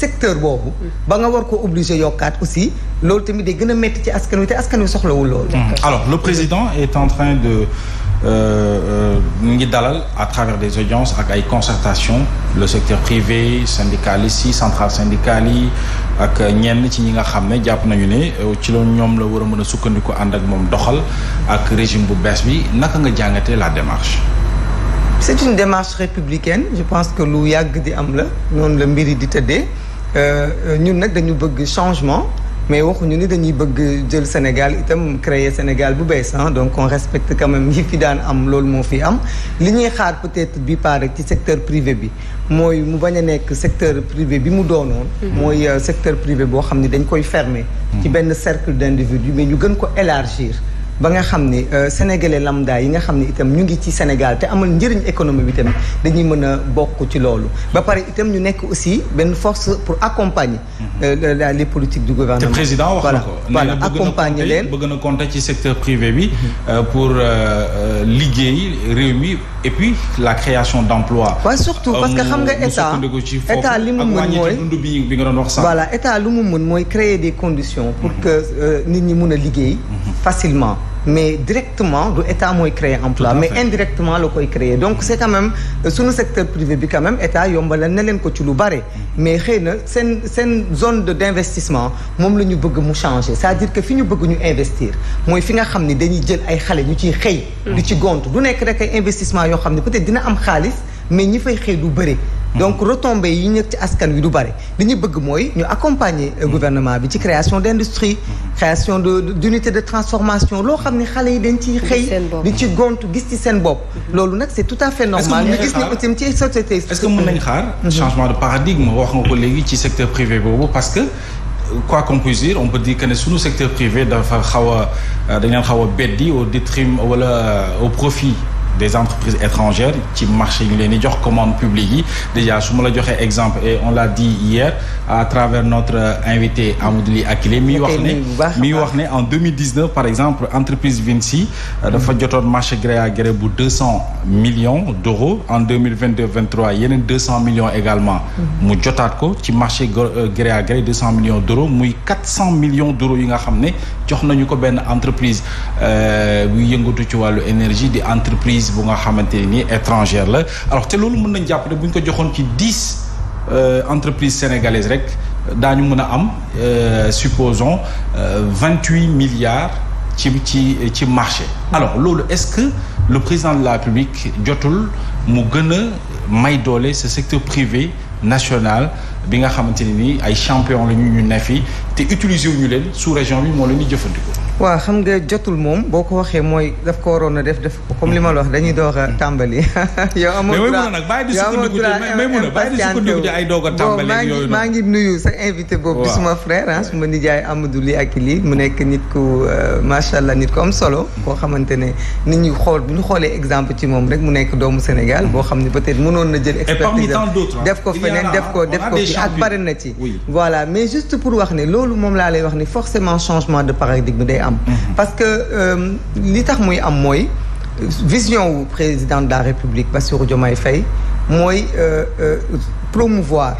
secteur boobu. ba nga war ko obligé yokkaat aussi loolu tamit day gën a métti ci askan wi te askan wi soxlawul loolu. Hmm. alors le président est en train de euh, euh, mu ngi dalal à travers des audiences ak ay concertations le secteur privé syndicaliste yi centrales syndicales yi ak ñenn ci ñi nga xam ne jàpp nañu ne euh, ci loolu ñoom la war a mën a sukkandiku ànd ak moom doxal ak régime bu bees bi naka nga jàngatee la démarche. c'est une démarche républicaine je pense que lu yàgg di am la noonu la di tëddee. Euh, ñun nag dañu bëgg changement mais waxuñu ni dañuy bëgg jël Sénégal itam créer Sénégal bu bees ah donc on respecte quand même yi fi daan am loolu moo fi am li ñuy xaar peut-être bi part rek ci secteur privé bi mooy mu bañ a nekk secteur privé bi mu doonoon mm-hmm. mooy euh, secteur privé boo xam ne dañ koy fermer mm-hmm. ci benn cercle d'individus mais ñu gën ko élargir ba nga xam ne euh, sénégalais lambda yi nga xam ne itam ñu ngi ci Sénégal te amal njëriñ économie bi tamit dañuy mën a bokk ci loolu ba pare itam ñu nekk aussi benn force pour accompagner mhm. euh, les politiques du gouvernement te président wax na ko voilà accompagner leen bëgg na compter ci secteur privé bi mhm. euh, pour liggéey réew mi et puis la création d'emplois waaw parce que xam nga état état li mu mën mooy bi nga doon wax sax voilà état lu mu mën mooy créer des conditions pour mhm. que nit ñi mun a liggéey facilement mais directement du état mooy créer emploi mais indirectement la koy créer donc c'est quand même suñu secteur privé bi quand même état yombalal na leen ko ci lu bare. mais xëy na seen seen zone de d'investissement moom la ñu bëgg mu changer c'est-à-dire que fi ñu bëgg ñu investir mooy fi nga xam ni dañuy jël ay xale ñu ciy xëy du ci gont du nekk rek ay investissement yoo xam ne peut-être dina am xaalis mais ñi fay xëy du bëri donc hmm. retombées yi nekk ci askan wi du bëri li ñu bëgg mooy ñu accompagner euh, gouvernement bi ci création d'industrie création de d'unité de transformation loo xam ne xale yi dañ ciy xëy di ci gont gis ci seen bopp mhm. loolu nag c'est tout à fait normal est-ce que mën nañ xaar mhm. changement de paradigme wax nga ko léegi ci secteur privé boobu parce que quoi qu'on on peut dire que ne suñu secteur privé dafa xaw a dañ leen xaw a beddi au détriment wala au profit des entreprises étrangères ci marché yi ñu leen di jox commande publique yi déjà su ma la joxee exemple et on l'a dit hier à travers notre euh, invité Amadou Ly Akile mi wax ne mi wax ne en 2019 par exemple entreprise Vinci euh, mhm. dafa jotoon marché gré gré bu 200 millions d'euros en 2022 23 yeneen 200 millions également mhm. mu jotaat ko ci marché euh, gré à gré 200 millions d'euros muy 400 millions d'euros yi nga xam ne jox nañu ko benn entreprise bu yëngatu ci wàllu énergie di entreprise bu nga xamante ni étrangère la alors te loolu mën nañ jàpp ne bu ñu ko joxoon ci dix euh, entreprises sénégalaises rek daañu mën a am euh, supposons euh, vingt huit milliards ci ci ci marché. alors loolu est-ce que le président de la République jotul mu gën a may doole sa secteur privé national bi nga xamante ne ni ay champion la ñu ñu ne te utiliser wu ñu leen sous région bi moo leen di jëfandikoo. waaw xam nga jotul moom boo ko waxee mooy daf ko waroon a def def comme li ma la wax dañuy doog a tàmbali. yow amoo droit nag bàyyi di sukkandiku bàyyi di sukkandiku ay doog a tàmbali ak yooyu maa ngi nuyu sa invité boobu. di suma frère ah suma nijaay Amadou Ly ak lii mu nekk nit ku euh, macha allah nit ku am solo. koo xamante ne nit ñi xool bu ñu xoolee exemple ci moom rek mu nekk doomu Sénégal boo xam ne peut-être mënoon na jël. expertise def ko feneen def ko def ko fi ak bare na ci. voilà mais juste pour wax ne loolu moom laa lay wax ni forcément changement de paradigme day am am mhm. parce que euh, li tax muy am mooy vision wu président de la république Bassirou Diomaye fay mooy euh, euh, promouvoir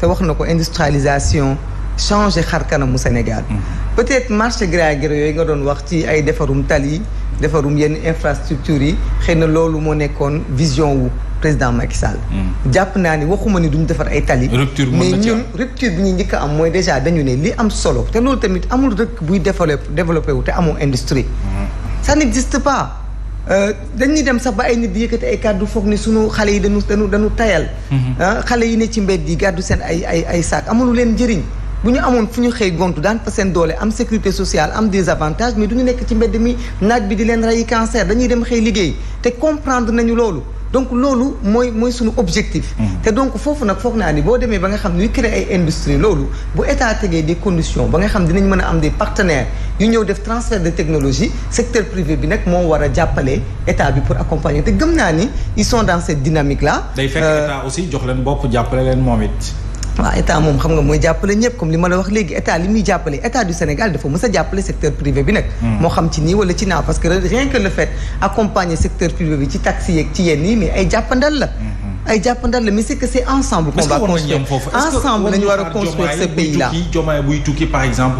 te wax na ko industrialisation changer xar kanamu Sénégal mhm. peut-être marché gré à gré yooyu nga doon wax ci ay defarum tali defarum yenn infrastructure yi xëy na loolu moo nekkoon vision wu président Macky Sall. Hmm. jàpp naa ni waxuma ni duñu defar ay tali. rupture mais ñun rupture bi ñu njëkk am mooy déjà dañu ne li am solo te loolu tamit amul rëkk buy développé développé wu te amoo industrie. Hmm. ça n'existe pas. Euh, dañuy dem sax ba ay nit di yëkkati ay kàddu foog ni suñu xale yi dañu dañu dañu tayal. Hmm. Ah, xale yi ne ci mbedd yi gàddu seen ay ay ay saak amul leen njëriñ. bu ñu amoon fu ñu xëy gontu daan fa seen doole am sécurité sociale am des avantages mais du ñu nekk ci mbedd mi naaj bi di leen rayi dañuy dem xëy liggéey te comprendre nañu loolu. donc loolu mooy mooy suñu objectif mm-hmm. te donc foofu nag foog naa ni boo demee ba nga xam ni ñuy ay industrie loolu bu état tegee des condition ba nga xam dinañ mën a am des partenaires yu ñëw def transfert de technologie secteur privé bi nag moo war a jàppale état bi pour accompagner te gëm naa ni ils sont dans cette dynamique day fekk euh, état aussi jox leen bopp jàppale leen moom it waa ah, état moom xam nga mooy jàppale ñëpp comme li ma la wax léegi état li muy jàppale état du Sénégal dafa mës a jàppale secteur privé bi nag hmm. moo xam ci nii wala ci naa parce que rien que le fait accompagner secteur privé bi ci taxi yeeg ci yenn yi mais ay jàppandal la hmm. ay jàppandal la mais c'est que c'est ensemble qu'on va construire ensemble lañu war a construire ce pays là jomaay buy tukki par exemple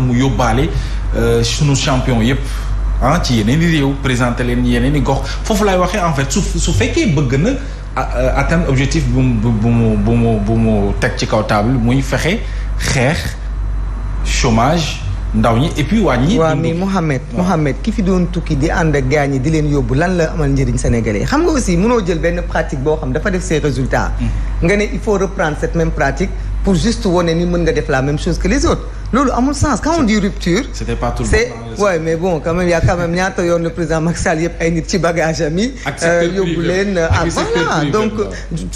euh, champion yëpp ah ci yeneen i réew présenté leen yeneen i gox foofu laay waxee en fait su su fekkee bëgg na atteindre objectif bu mu bu mu bu mu bu mu teg ci kaw table muy fexe xeex chômage ndaw ñi et puis wàññi. waaw mais Mouhamed ki fi doon tukki di and ak gars ñi di leen yóbbu lan la amal njëriñ sénégalais xam nga aussi noo jël benn pratique boo xam dafa def ses résultats. Mm-hmm. nga ne il faut reprendre cette même pratique pour juste wane ni mën nga def la même chose que les autres loolu amul sens quand on dit rupture. c'était oui mais bon quand même y' a quand même ñaata le président Macky Sall yëpp ay nit ci bagage am yi. Euh, yóbbu leen ah voilà donc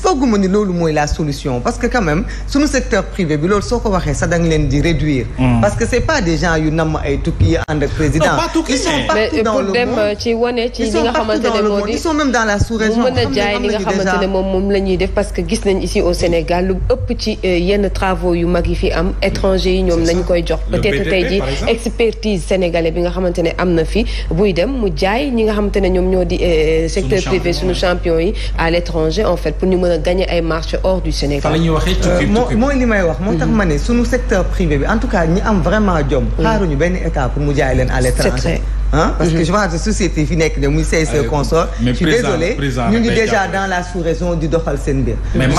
fooguma ni loolu mooy la solution parce que quand su suñu secteur privé bi loolu soo ko waxee sa da leen di réduire. Mm. parce que c' est pas des gens yu namm ay tukki yi président. non pas tukki dans ci wane ci li nga xamante ne la sous-région. mën a jaay li nga xamante moom moom la ñuy def parce que gis nañ ici au Sénégal lu ëpp ci euh, yenn travaux yu mag yi fi am étranger yi ñoom lañ koy jox peut-être tey ji expertise sénégalaise bi nga xamante ne am na fi buy dem mu jaay ñi nga xamante ne ñoom ñoo di eh, eh, secteur privé suñu champion yi à l'étranger en fait pour ñu mën a gagner ay marché hors du Sénégal euh, moo li may wax moo tax mm-hmm. ma ne suñu secteur privé bi en tout cas ñi am vraiment jom mm. xaaruñu benn état pour mu jaay leen à l'étranger ah parce mhm. que je pense que société fi nekk ne muy CSE consort je suis désolé ñu ngi déjà dans la sous-région di doxal seen mbir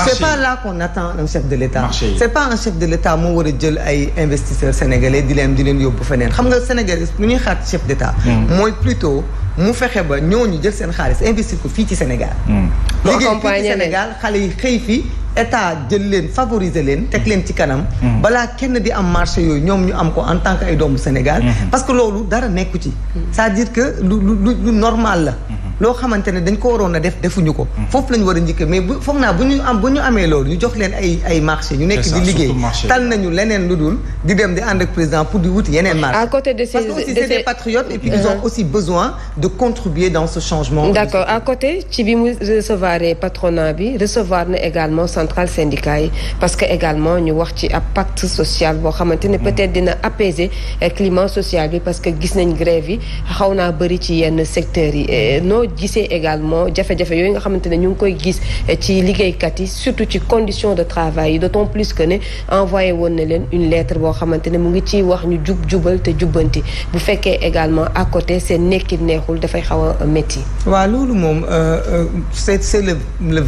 c'est pas là qu'on attend un chef de l'État c'est pas un chef de l'État moo war a jël ay investisseurs sénégalais di leen di leen yóbbu feneen xam nga sénégalais lu ñuy xaar chef d'État mm. mooy plutôt mu fexe ba ñooñu jël seen xaalis investir ko fii ci Sénégal mm. liggéey fii ci Sénégal xale yi xëy fii état jël leen favoriser leen teg leen ci kanam hmm. balaa kenn di am marché yooyu ñoom ñu am ko en tant que ay doomu Sénégal hmm. parce que loolu dara nekku ci hmm. c'est-à-dire que lu lu lu normal la loo xamante ne dañ ko waroon a def defuñu ko foofu la ñu war a mais bu foog naa bu ñu am bu ñu amee loolu ñu jox leen ay ay marché ñu nekk di liggéey tal nañu leneen lu dul di dem di ànd ak président pour di wuti yeneen marché à côté de ces aussi c'est des et puis ils aussi besoin contribuer dans ce changement d'accord à côté ci bi mu recevoir patronat bi recevoir na également centrale syndicat yi parce que également ñu wax ci ab pacte social boo xamante ne mm. peut-être dina apaiser eh, climat social bi parce que gis nañ grève yi xaw naa bëri ci yenn secteurs yi eh, noo gisee également jafe-jafe yooyu nga xamante ne ñu ngi koy gis eh, ci liggéeykat yi surtout ci condition de travail yi d'autant plus que ne envoyé woon na leen une lettre boo xamante ne mu ngi ciy wax ñu jub jubal te jubbanti bu fekkee également à côté seen nekkin neexul dafay xaw a métti waaw moom euh, euh, c'est c'est le le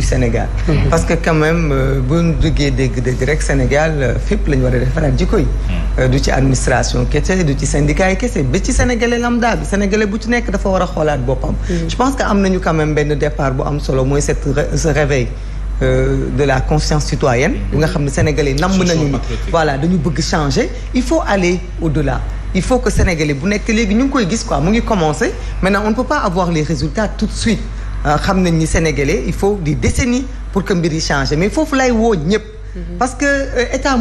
Sénégal mm-hmm. parce que quand même euh, bu ñu duggee dégg-dégg rek Sénégal euh, fépp la ñu war a defaraat jikko yi. Hmm. Euh, du ci administration kese du ci syndicat yi kese ba ci sénégalais lambda bi sénégalais bu ci nekk dafa war a xoolaat boppam. Hmm. je pense que am nañu quand benn départ bu am solo mooy cette ce réveil. Euh, de la conscience citoyenne hmm. bu nga xam ne sénégalais namm nañu ni voilà dañu bëgg changé il faut aller au-delà il faut que sénégalais bu nekk léegi ñu ngi koy gis quoi mu ngi commencer maintenant on ne peut pas avoir les résultats ah, xam nañ ni sénégalais il faut des décennies pour que mbir yi changé mais foofu lay woo ñëpp mm-hmm. parce que euh, état